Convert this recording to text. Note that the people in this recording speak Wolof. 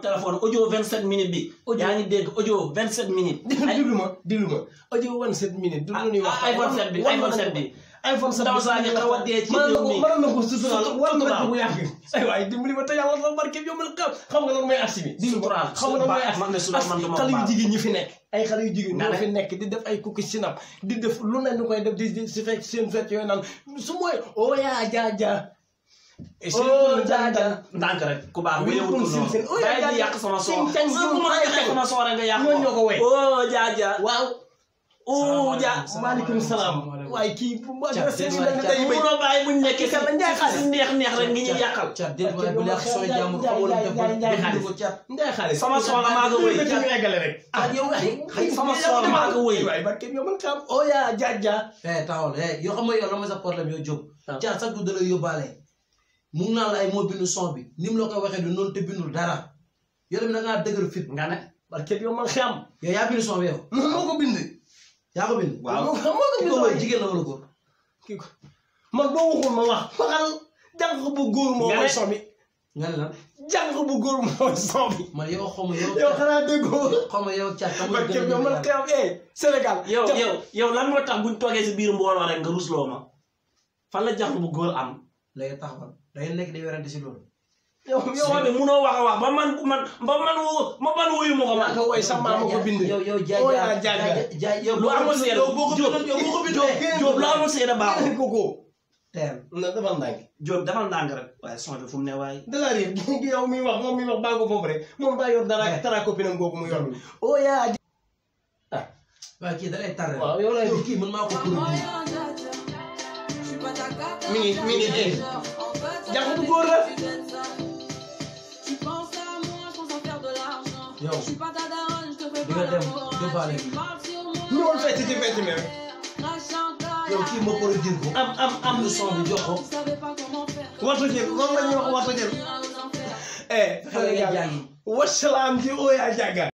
téléphone audio 27 minutes bi. audio yaa ngi dégg audio 27 minutes. ay déglu ma déglu ma audio 27 minutes. du lu ñuy wax iPhone 7 bi iPhone 7 bi. iPhone 7 bi saa ñu xaw a dee ci réew mi mën na ko sutural war na ko bu yàgg. ay waay dimbali ma te yàlla la barke bi yombal kam xam nga lan mooy aksi bi. sutural xam nga lan mooy aksi xale yu jigéen ñi fi nekk. ay xale yu jigéen ñoo fi nekk di def ay kukki sinap di def lu ne ñu koy def di si fekk seen fekk yooyu naan su mooy oya oh, jaa jaa oh jaajal ndànk rek ku baax bu yëngu ko noonu bàyyi di yàq sama soor bu ma yàqee sama soor nga yàq ñoo ko way oh jaajal waaw oh ja maaleykum salaam waaye kii bu ma mënoo bàyyi buñ nekkee sa neex neex rek ngi ñuy yàqal ndey xaalis sama soor maa ko wëy rek ah yow sama soor maa ko wëy waaye barke yow man kam oh ya jaajal eh taxawal eh yoo xam nga yow la ma sa problème yoo jóg caa sax du da la yóbbaale mu naa naan ay moo bindu son bi ni mu la ko waxee du noonu te dara yow tamit da ngaa dëgër fit nga ne. parce que yow man xam. yow yaa bindu ko bind. ma wax. bu góor moo mooy nga ne lan jànq bu góor yow xaw xaw ma yow caa xam nga yow yow moo tax buñ toogee si biir mbooloo rek nga rusloo ma fan la jànq bu góor am. lay taxawal day nekk day werante si loolu. yow yow xam ne wax a wax ba man man ba man woo ma ban wuyu ma ko man. waaw sax maa ma ko bind. yow yow jaajaa a yow lu amul seede yow boo ko bindee Diop lu amul seede baaxul kooku. teel na defal ndànk. Diop defal ndànk rek. waaye son bi fu mu ne waaye. dala réer yow mi wax moom mi wax baa ko foofu rek moom daa yor dara dara eh. copinam googu mu yor. oh yaa. Ah. kii da lay tar rek. waaw yow lay kii man maa ko mi ngi mi ngi eh jànku góor la. yow di nga dem jëmbaale bi. ñëwal fecc ci fecc mi rek. yow kii moo ko jël ko am am am lu son bi jox ko. warta jël moom la ñuy wax warta jël. eh xale yaa wasalaam ji oo yaa jàngal.